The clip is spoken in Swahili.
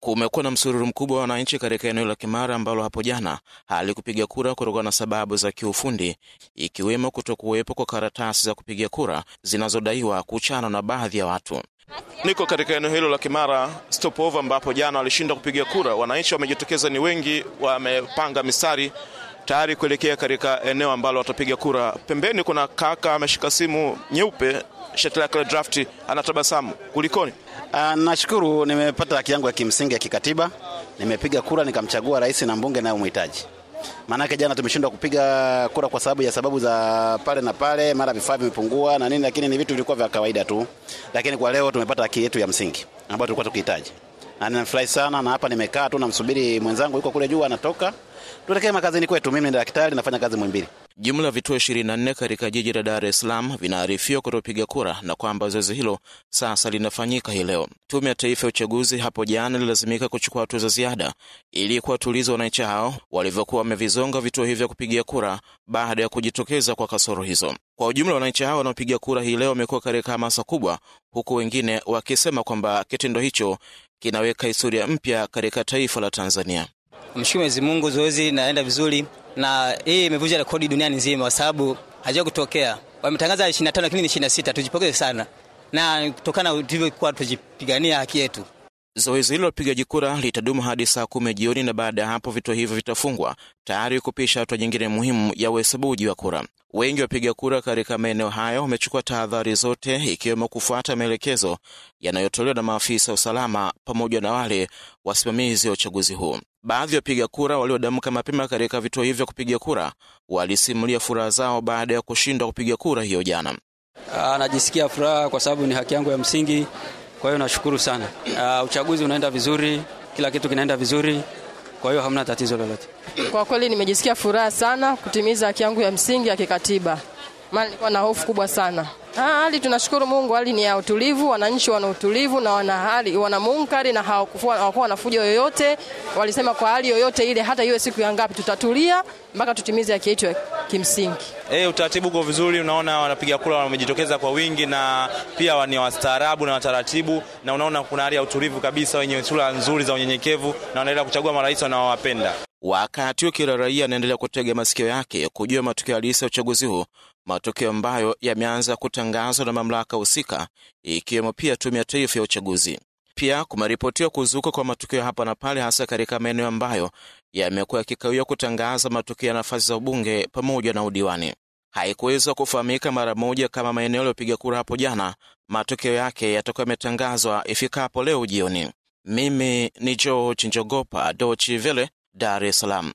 Kumekuwa na msururu mkubwa wa wananchi katika eneo la Kimara ambalo hapo jana halikupiga kura kutokana na sababu za kiufundi, ikiwemo kutokuwepo kwa karatasi za kupiga kura zinazodaiwa kuchana na baadhi ya watu. Niko katika eneo hilo la Kimara stopover, ambapo jana walishindwa kupiga kura. Wananchi wamejitokeza, ni wengi, wamepanga mistari tayari kuelekea katika eneo ambalo watapiga kura. Pembeni kuna kaka ameshika simu nyeupe, shati lake la drafti, anatabasamu. Kulikoni? Uh, nashukuru nimepata haki yangu ya kimsingi ya kikatiba. Nimepiga kura nikamchagua rais na mbunge nayo nayomhitaji. Maanake jana tumeshindwa kupiga kura kwa sababu ya sababu za pale na pale, mara vifaa vimepungua na nini, lakini ni vitu vilikuwa vya kawaida tu. Lakini kwa leo tumepata haki yetu ya msingi ambayo tulikuwa tukihitaji, na ninafurahi sana, na hapa nimekaa tu namsubiri mwenzangu, yuko kule juu anatoka, tuelekee makazini kwetu. Mimi ni daktari, nafanya kazi Muhimbili. Jumla ya vituo 24 katika jiji la Dar es Salaam vinaarifiwa kutopiga kura na kwamba zoezi hilo sasa linafanyika hii leo. Tume ya Taifa ya Uchaguzi hapo jana ililazimika kuchukua hatua za ziada ili kuwatuliza wananchi hao walivyokuwa wamevizonga vituo hivyo kupigia kura baada ya kujitokeza kwa kasoro hizo. Kwa ujumla, wananchi hao wanaopiga kura hii leo wamekuwa katika hamasa kubwa, huku wengine wakisema kwamba kitendo hicho kinaweka historia mpya katika taifa la Tanzania. Mshukuru Mwenyezi Mungu, zoezi linaenda vizuri na hii imevunja rekodi duniani nzima, kwa sababu hajawahi kutokea. Wametangaza 25 lakini ni 26. Tujipokee sana na kutokana na tulivyokuwa tujipigania haki yetu. Zoezi hilo la upigaji kura litadumu hadi saa kumi jioni na baada ya hapo vituo hivyo vitafungwa tayari kupisha hatua nyingine muhimu ya uhesabuji wa kura. Wengi wapiga kura katika maeneo hayo wamechukua tahadhari zote, ikiwemo kufuata maelekezo yanayotolewa na maafisa usalama pamoja na wale wasimamizi wa uchaguzi huu. Baadhi ya wapiga kura waliodamka mapema katika vituo hivyo kupiga kura walisimulia furaha zao baada ya kushindwa kupiga kura hiyo jana. Ah, najisikia furaha kwa sababu ni haki yangu ya msingi, kwa hiyo nashukuru sana. Aa, ah, uchaguzi unaenda vizuri, kila kitu kinaenda vizuri, kwa hiyo hamna tatizo lolote. Kwa kweli nimejisikia furaha sana kutimiza haki yangu ya msingi ya kikatiba maana nilikuwa na hofu kubwa sana. Ah, hali tunashukuru Mungu, hali ni ya utulivu, wananchi wana utulivu na wana hali wana munkari na hawakuwa na fujo yoyote. Walisema kwa hali yoyote ile, hata iwe siku ya ngapi, tutatulia mpaka tutimize haki yetu ya kimsingi. Eh, utaratibu uko vizuri, unaona wanapiga kura wamejitokeza kwa wingi, na pia ni wastaarabu na wataratibu, na unaona kuna hali ya utulivu kabisa, wenye sura nzuri za unyenyekevu, na wanaenda kuchagua marais wanaowapenda. Wakati huo kila raia anaendelea kutega masikio yake kujua matokeo halisi ya uchaguzi huu, matokeo ambayo yameanza kutangazwa na mamlaka husika, ikiwemo pia Tume ya Taifa ya Uchaguzi. Pia kumeripotiwa kuzuka kwa matukio hapa na pale, hasa katika maeneo ambayo yamekuwa yakikawia kutangaza matokeo ya nafasi za ubunge pamoja na udiwani. Haikuweza kufahamika mara moja kama maeneo yaliyopiga kura hapo jana matokeo yake yatakuwa yametangazwa ifikapo leo jioni. Mimi ni George Njogopa, Dochi Vele, Dar es Salaam.